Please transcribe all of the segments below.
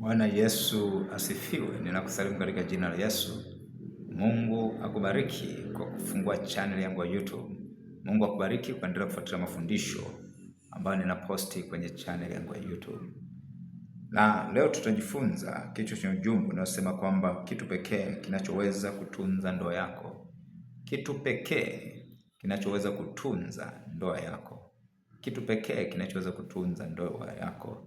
Bwana Yesu asifiwe. Ninakusalimu katika jina la Yesu. Mungu akubariki kwa kufungua channel yangu ya YouTube. Mungu akubariki kuendelea kufuatilia mafundisho ambayo ninaposti kwenye channel yangu ya YouTube. Na leo tutajifunza kichwa cha ujumbe unaosema kwamba kitu pekee kinachoweza kutunza ndoa yako. Kitu pekee kinachoweza kutunza ndoa yako. Kitu pekee kinachoweza kutunza ndoa yako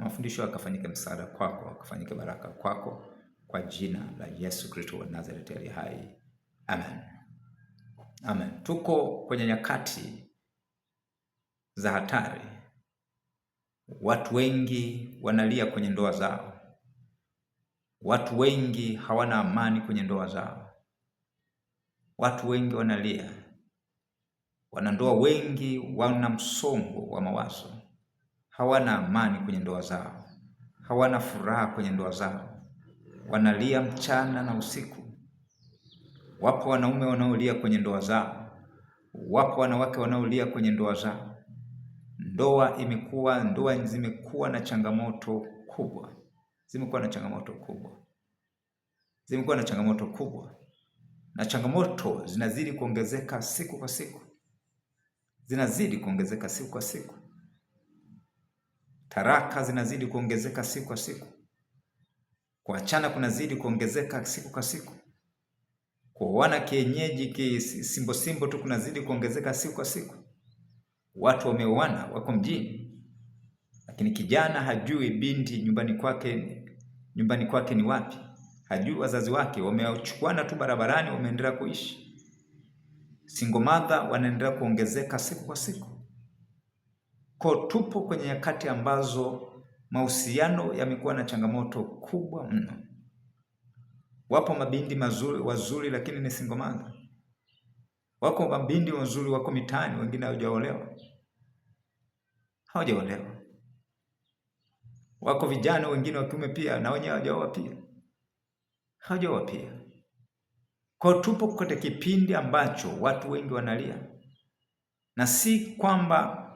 na mafundisho yakafanyike msaada kwako, akafanyike baraka kwako, kwa jina la Yesu Kristo wa Nazareti aliye hai, amen. Amen. Tuko kwenye nyakati za hatari. Watu wengi wanalia kwenye ndoa zao, watu wengi hawana amani kwenye ndoa zao, watu wengi wanalia, wanandoa wengi wana msongo wa mawazo hawana amani kwenye ndoa zao, hawana furaha kwenye ndoa zao, wanalia mchana na usiku. Wapo wanaume wanaolia kwenye ndoa zao, wapo wanawake wanaolia kwenye ndoa zao. Ndoa imekuwa ndoa zimekuwa na changamoto kubwa, zimekuwa na changamoto kubwa, zimekuwa na changamoto kubwa, na changamoto zinazidi kuongezeka siku kwa siku, zinazidi kuongezeka siku kwa siku. Taraka zinazidi kuongezeka siku kwa siku, kuachana kunazidi kuongezeka siku kwa siku, kuoana kienyeji kisimbo simbo tu kunazidi kuongezeka siku kwa siku. Watu wameoana, wako mjini, lakini kijana hajui binti nyumbani kwake nyumbani kwake ni wapi, hajui wazazi wake, wamechukuana tu barabarani, wameendelea kuishi. Single mother wanaendelea kuongezeka siku kwa siku. Kwa tupo kwenye nyakati ambazo mahusiano yamekuwa na changamoto kubwa mno. Wapo mabindi mazuri wazuri, lakini ni single Wako mabindi wazuri wako mitaani, wengine hawajaolewa, hawajaolewa. Wako vijana wengine wa kiume pia na wenyewe hawajaoa pia, hawajaoa pia. Kwa tupo katika kipindi ambacho watu wengi wanalia, na si kwamba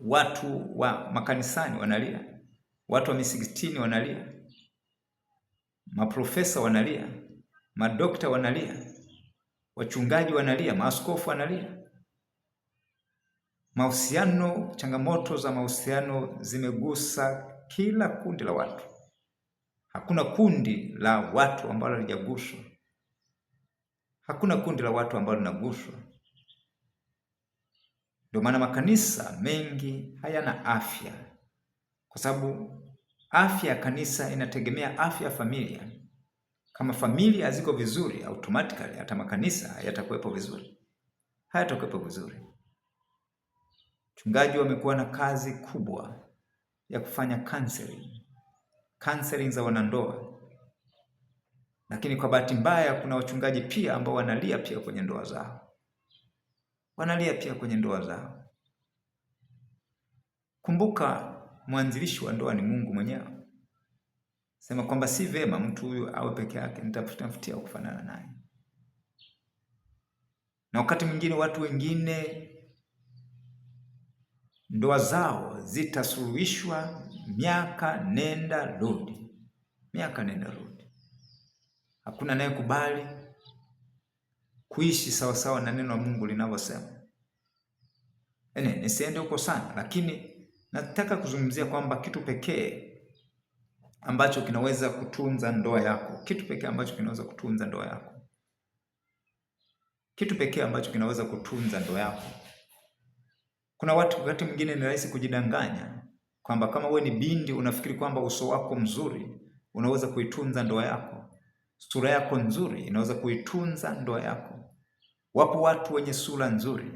watu wa makanisani wanalia, watu wa misikitini wanalia, maprofesa wanalia, madokta wanalia, wachungaji wanalia, maaskofu wanalia. Mahusiano, changamoto za mahusiano zimegusa kila kundi la watu. Hakuna kundi la watu ambalo halijaguswa, hakuna kundi la watu ambalo linaguswa. Ndio maana makanisa mengi hayana afya, kwa sababu afya ya kanisa inategemea afya ya familia. Kama familia haziko vizuri, automatically hata makanisa yatakuwepo vizuri, hayatakuwepo vizuri. mchungaji wamekuwa na kazi kubwa ya kufanya counseling, counseling za wanandoa, lakini kwa bahati mbaya kuna wachungaji pia ambao wanalia pia kwenye ndoa zao wanalia pia kwenye ndoa zao. Kumbuka, mwanzilishi wa ndoa ni Mungu mwenyewe. Sema kwamba si vema mtu huyu awe peke yake, nitafutia kufanana naye. Na wakati mwingine watu wengine ndoa zao zitasuluhishwa miaka nenda rudi, miaka nenda rudi, hakuna naye kubali kuishi sawasawa na neno la Mungu linavyosema. Yaani nisiende huko sana, lakini nataka kuzungumzia kwamba kitu pekee ambacho kinaweza kutunza ndoa yako, kitu pekee ambacho kinaweza kutunza ndoa yako, kitu pekee ambacho kinaweza kutunza ndoa yako. Kuna watu wakati mwingine ni rahisi kujidanganya kwamba kama we ni binti unafikiri kwamba uso wako mzuri unaweza kuitunza ndoa yako Sura yako nzuri inaweza kuitunza ndoa yako. Wapo watu wenye sura nzuri,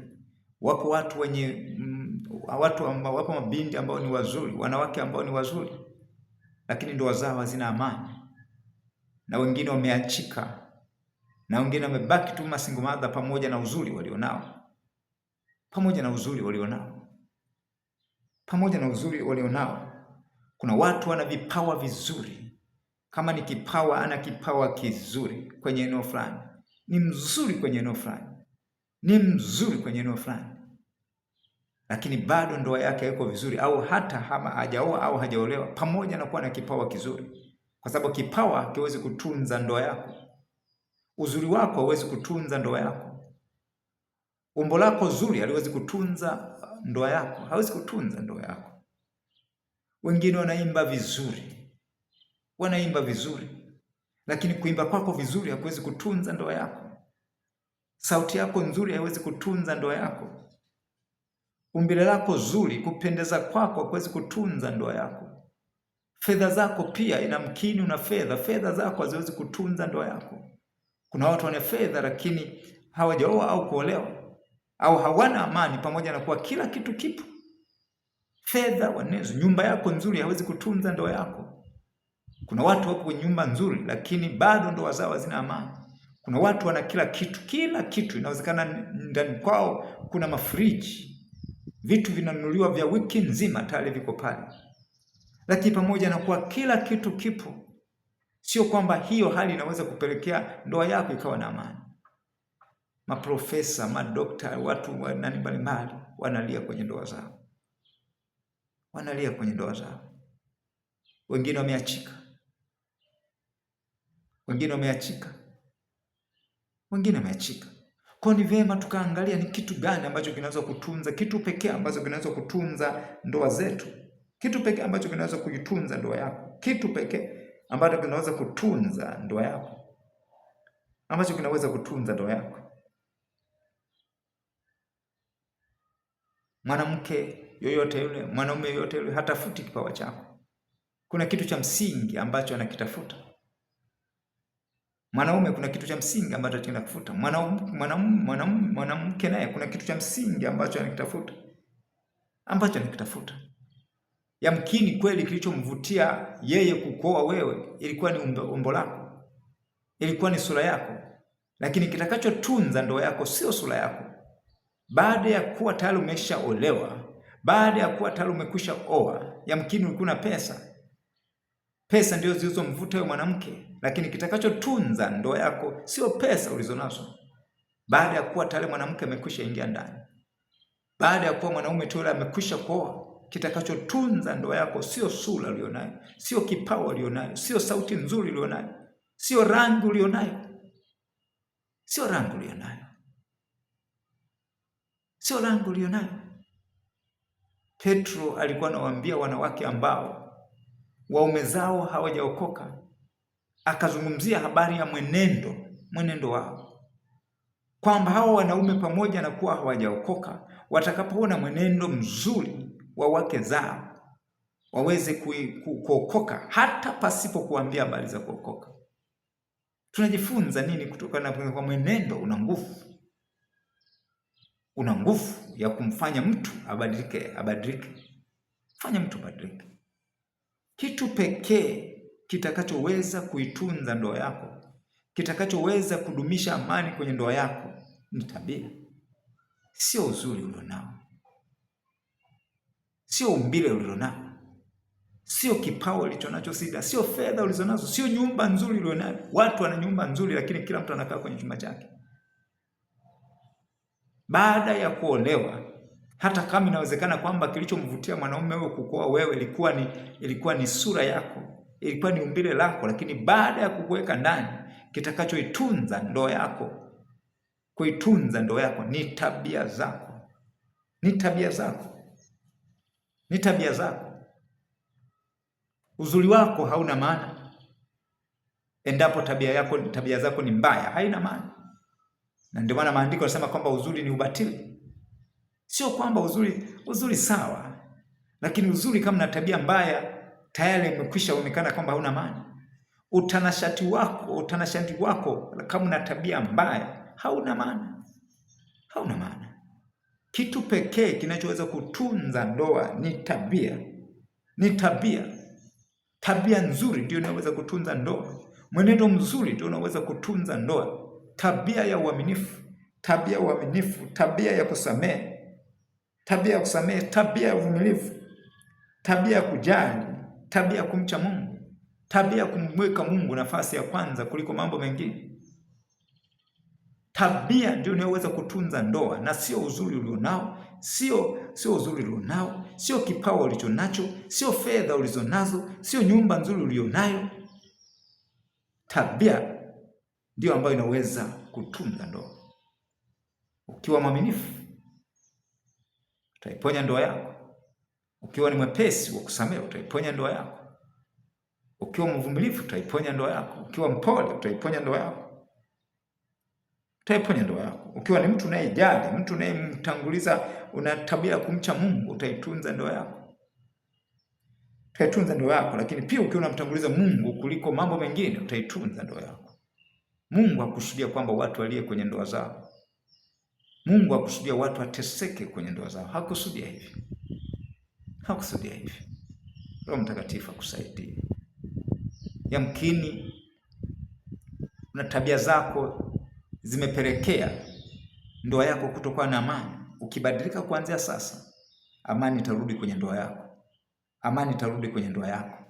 wapo watu wenye mm, watu amba, wapo mabinti ambao ni wazuri, wanawake ambao ni wazuri, lakini ndoa zao hazina amani, na wengine wameachika, na wengine wamebaki tu single mother, pamoja na uzuri walionao, pamoja na uzuri walionao, pamoja na uzuri walionao. Kuna watu wana vipawa vizuri kama ni kipawa, ana kipawa kizuri kwenye eneo fulani, ni mzuri kwenye eneo fulani, ni mzuri kwenye eneo fulani, lakini bado ndoa yake haiko vizuri, au hata hama hajaoa au hajaolewa, pamoja na kuwa na kipawa kizuri, kwa sababu kipawa hakiwezi kutunza ndoa yako. Uzuri wako hauwezi kutunza ndoa yako. Umbo lako zuri haliwezi kutunza uh, ndoa yako, hawezi kutunza ndoa yako. Wengine wanaimba vizuri wanaimba vizuri, lakini kuimba kwako vizuri hakuwezi kutunza ndoa yako. Sauti yako nzuri haiwezi kutunza ndoa yako. Umbile lako zuri, kupendeza kwako hakuwezi kutunza ndoa yako. Fedha zako pia, ina mkini, una fedha, fedha zako haziwezi kutunza ndoa yako. Kuna watu wana fedha lakini hawajaoa au kuolewa au hawana amani, pamoja na kuwa kila kitu kipo. Fedha wanezo, nyumba yako nzuri hawezi kutunza ndoa yako. Kuna watu wako kwenye nyumba nzuri, lakini bado ndoa zao hazina amani. Kuna watu wana kila kitu, kila kitu, inawezekana ndani kwao kuna mafriji, vitu vinanunuliwa vya wiki nzima, tayari viko pale. Lakini pamoja na kuwa kila kitu kipo, sio kwamba hiyo hali inaweza kupelekea ndoa yako ikawa na amani. Maprofesa, madokta, watu wa nani mbalimbali wanalia kwenye ndoa zao, wanalia kwenye ndoa zao, wengine wameachika wengine wameachika, wengine wameachika. Kwa ni vyema tukaangalia ni kitu gani ambacho kinaweza kutunza, kitu pekee ambacho kinaweza kutunza ndoa zetu, kitu pekee ambacho kinaweza kuitunza ndoa yako, kitu pekee ambacho kinaweza kutunza ndoa yako, ambacho kinaweza kutunza ndoa yako. Mwanamke yoyote yule, mwanaume yoyote yule hatafuti kipawa chako. Kuna kitu cha msingi ambacho anakitafuta Mwanaume kuna kitu cha msingi ambacho ataenda kufuta. Mwanamke naye kuna kitu cha msingi ambacho anakitafuta ambacho anakitafuta. Yamkini kweli kilichomvutia yeye kukuoa wewe ilikuwa ni umbo, umbo lako, ilikuwa ni sura yako, lakini kitakachotunza ndoa yako sio sura yako. Baada ya kuwa tayari umeshaolewa, baada ya kuwa tayari umekwisha oa, yamkini ulikuwa na pesa Pesa ndio zilizomvuta huyo mwanamke, lakini kitakachotunza ndoa yako sio pesa ulizonazo, baada ya kuwa tayari mwanamke amekwisha ingia ndani, baada ya kuwa mwanaume tu yule amekwisha kuoa. Kitakachotunza ndoa yako sio sura ulionayo, sio kipawa ulionayo, sio sauti nzuri ulionayo, sio rangi ulionayo, sio rangi ulionayo, sio rangi ulionayo. Petro alikuwa anawaambia wanawake ambao waume zao hawajaokoka, akazungumzia habari ya mwenendo mwenendo wao, kwamba hawa wanaume pamoja na kuwa hawajaokoka, watakapoona mwenendo mzuri wa wake zao waweze kuokoka hata pasipo kuambia habari za kuokoka. Tunajifunza nini kutokana kwa mwenendo? Una nguvu, una nguvu ya kumfanya mtu abadilike, abadilike, fanya mtu abadilike kitu pekee kitakachoweza kuitunza ndoa yako, kitakachoweza kudumisha amani kwenye ndoa yako ni tabia, sio uzuri ulionao, sio umbile ulilonao, sio kipawa ulichonacho Sida, sio fedha ulizonazo, sio nyumba nzuri ulionayo. Watu wana nyumba nzuri, lakini kila mtu anakaa kwenye chumba chake. Baada ya kuolewa hata kama inawezekana kwamba kilichomvutia mwanaume huyo kukoa wewe ilikuwa ni, ilikuwa ni sura yako, ilikuwa ni umbile lako, lakini baada ya kukuweka ndani, kitakachoitunza ndoa yako, kuitunza ndoa yako ni tabia zako, ni tabia zako, ni tabia zako. Uzuri wako hauna maana endapo tabia yako, tabia zako ni mbaya, haina maana. Na ndio maana maandiko yanasema kwamba uzuri ni ubatili. Sio kwamba uzuri uzuri sawa, lakini uzuri kama na tabia mbaya tayari umekwisha onekana kwamba hauna maana. Utanashati wako utanashati wako kama na tabia mbaya hauna maana, hauna maana. Kitu pekee kinachoweza kutunza ndoa ni tabia, ni tabia. Tabia nzuri ndio inaweza kutunza ndoa, mwenendo mzuri ndio unaweza kutunza ndoa. Tabia ya uaminifu, tabia ya uaminifu, tabia ya kusamehe tabia ya kusamehe, tabia ya uvumilivu, tabia ya kujali, tabia ya kumcha Mungu, tabia ya kumweka Mungu nafasi ya kwanza kuliko mambo mengine. Tabia ndio inayoweza kutunza ndoa, na sio uzuri ulionao, sio sio uzuri ulionao, sio kipawa ulichonacho, sio fedha ulizonazo, sio nyumba nzuri ulionayo. Tabia ndiyo ambayo inaweza kutunza ndoa ukiwa mwaminifu utaiponya ndoa yako. Ukiwa ni mwepesi wa kusamehe, utaiponya ndoa yako. Ukiwa mvumilivu, utaiponya ndoa yako. Ukiwa mpole, utaiponya ndoa yako, utaiponya ndoa yako. Ukiwa ni mtu unayejali, mtu unayemtanguliza, una tabia ya kumcha Mungu, utaitunza ndoa yako utaitunza ndoa yako. Lakini pia ukiwa unamtanguliza Mungu kuliko mambo mengine, utaitunza ndoa yako. Mungu hakushuhudia kwamba watu waliye kwenye ndoa zao Mungu hakusudia watu wateseke kwenye ndoa zao, hakusudia hivi, hakusudia hivi. Roho Mtakatifu akusaidie. Yamkini na tabia zako zimepelekea ndoa yako kutokuwa na amani. Ukibadilika kuanzia sasa, amani itarudi kwenye ndoa yako, amani itarudi kwenye ndoa yako.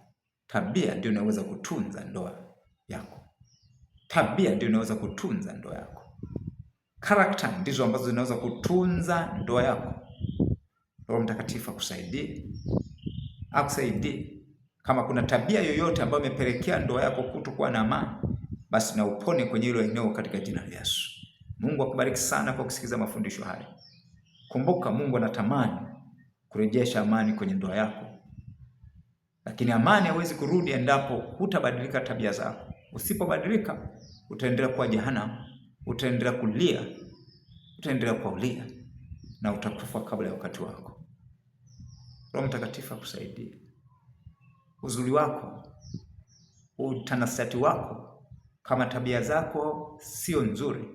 Tabia ndio inaweza kutunza ndoa yako, tabia ndio inaweza kutunza ndoa yako character ndizo ambazo zinaweza kutunza ndoa yako. Roho Mtakatifu akusaidie, akusaidie. Kama kuna tabia yoyote ambayo imepelekea ndoa yako kutokuwa na amani, basi na upone kwenye hilo eneo katika jina la Yesu. Mungu akubariki sana kwa kusikiliza mafundisho haya. Kumbuka, Mungu anatamani kurejesha amani kwenye ndoa yako, lakini amani hawezi kurudi endapo hutabadilika tabia zako. Usipobadilika utaendelea kuwa jehanamu utaendelea kulia, utaendelea kuaulia na utakufa kabla ya wakati wako. Roho Mtakatifu akusaidie, uzuri wako, utanasati wako, kama tabia zako sio nzuri,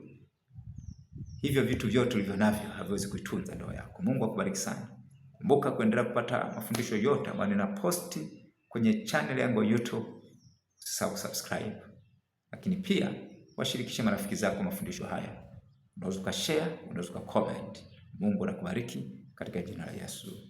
hivyo vitu vyote ulivyo navyo haviwezi kuitunza ndoa yako. Mungu akubariki sana. Kumbuka kuendelea kupata mafundisho yote ambayo nina posti kwenye channel yangu ya YouTube. Usisahau subscribe, lakini pia washirikishe marafiki zako mafundisho haya. Unaweza ukashare, unaweza ukacoment. Mungu anakubariki katika jina la Yesu.